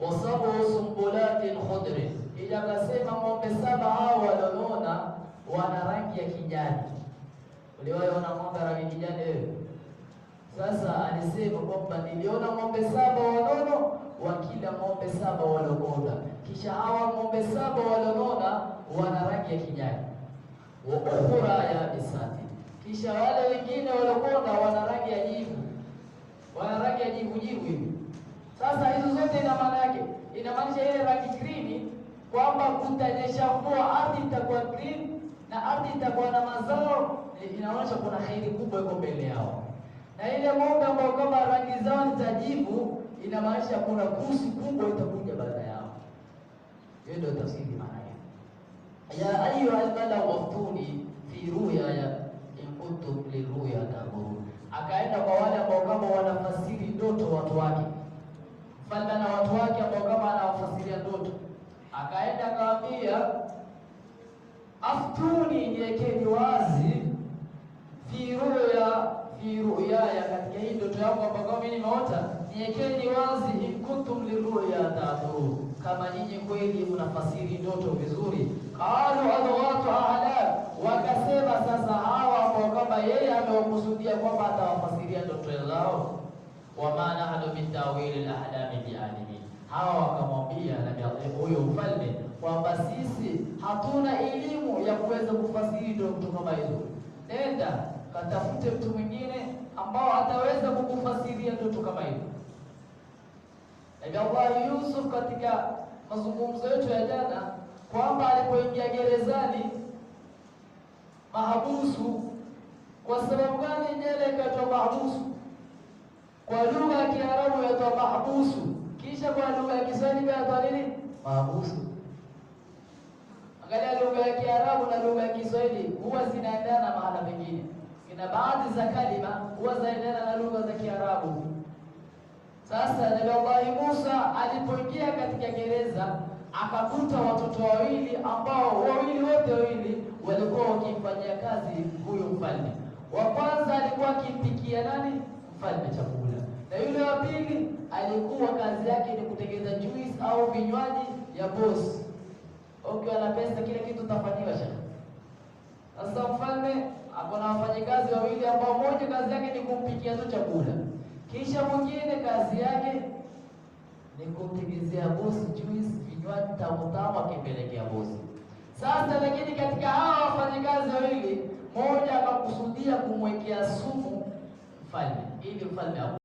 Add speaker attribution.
Speaker 1: wasabu sumbulatin khudri, ila kasema ng'ombe saba hao walonona wana rangi ya kijani. Uliwaona ng'ombe rangi kijani wewe? Sasa alisema kwamba niliona ng'ombe saba wanono wakila ng'ombe saba walonona, kisha hawa ng'ombe saba walonona wana rangi ya kijani wakufura ya bisati, kisha wale wengine walokona wana rangi ya jivu, wana rangi ya jivu jivu hivi sasa hizo zote ina maana yake, inamaanisha ile rangi green, kwamba kutanyesha mvua, ardhi itakuwa green na ardhi itakuwa na mazao, e, inaonyesha kuna heri kubwa iko mbele yao. Na ile ng'ombe ambao kama rangi zao ni zajivu, inamaanisha kuna kusi kubwa itakuja baada yao. Hiyo ndio tafsiri maana yake. Ya ayyuha al-mala waftuni fi ruya ya in kuntum liruya tanzurun, akaenda kwa wale ambao kama wanafasiri ndoto watu wake falme na watu wake ambao kama anawafasiria ndoto, akaenda akawaambia, aftuni, niwekeni wazi firuya ruya fi katika hii ndoto yangu ambao kama mimi nimeota, niwekeni wazi in liruya tatu, kama nyinyi kweli mnafasiri ndoto vizuri. Qalu adwatu ahlam, wakasema sasa hawa ambao kama yeye amewakusudia kwamba atawafasiria ndoto zao wama nahnu bitawili lahlami alimin, hawa wakamwambia nabii huyo mfalme kwamba sisi hatuna elimu ya kuweza kufasiri ndoto kama hizo, nenda katafute mtu mwingine ambao ataweza kukufasiria ndoto kama hizo. Nabii Allah Yusuf katika mazungumzo yetu ya jana kwamba alipoingia gerezani mahabusu, kwa sababu gani jela ikaitwa mahabusu? kwa lugha ya Kiarabu yaitwa mahbusu, kisha kwa lugha ya Kiswahili yaitwa nini? Mahbusu. Angalia lugha ya Kiarabu na lugha ya Kiswahili huwa zinaendana mahala pengine, ina baadhi za kalima huwa zinaendana na lugha za Kiarabu. Sasa Nabii Allah Musa alipoingia katika gereza akakuta watoto wawili ambao wawili wote wawili walikuwa wakimfanyia kazi huyo mfalme. Wa kwanza alikuwa akimpikia nani? mfalme chakula, na yule wa pili alikuwa kazi yake ni kutengeneza juice au vinywaji ya boss. Okay, ana pesa kila kitu utafanyiwa shaka. Sasa mfalme ako na wafanyikazi wawili ambao mmoja kazi yake ni kumpikia tu chakula, kisha mwingine kazi yake ni kumtengenezea boss juice, vinywaji tamu tamu akimpelekea boss. Sasa lakini katika hawa wafanyikazi wawili mmoja akakusudia kumwekea sumu mfalme família, eu falei,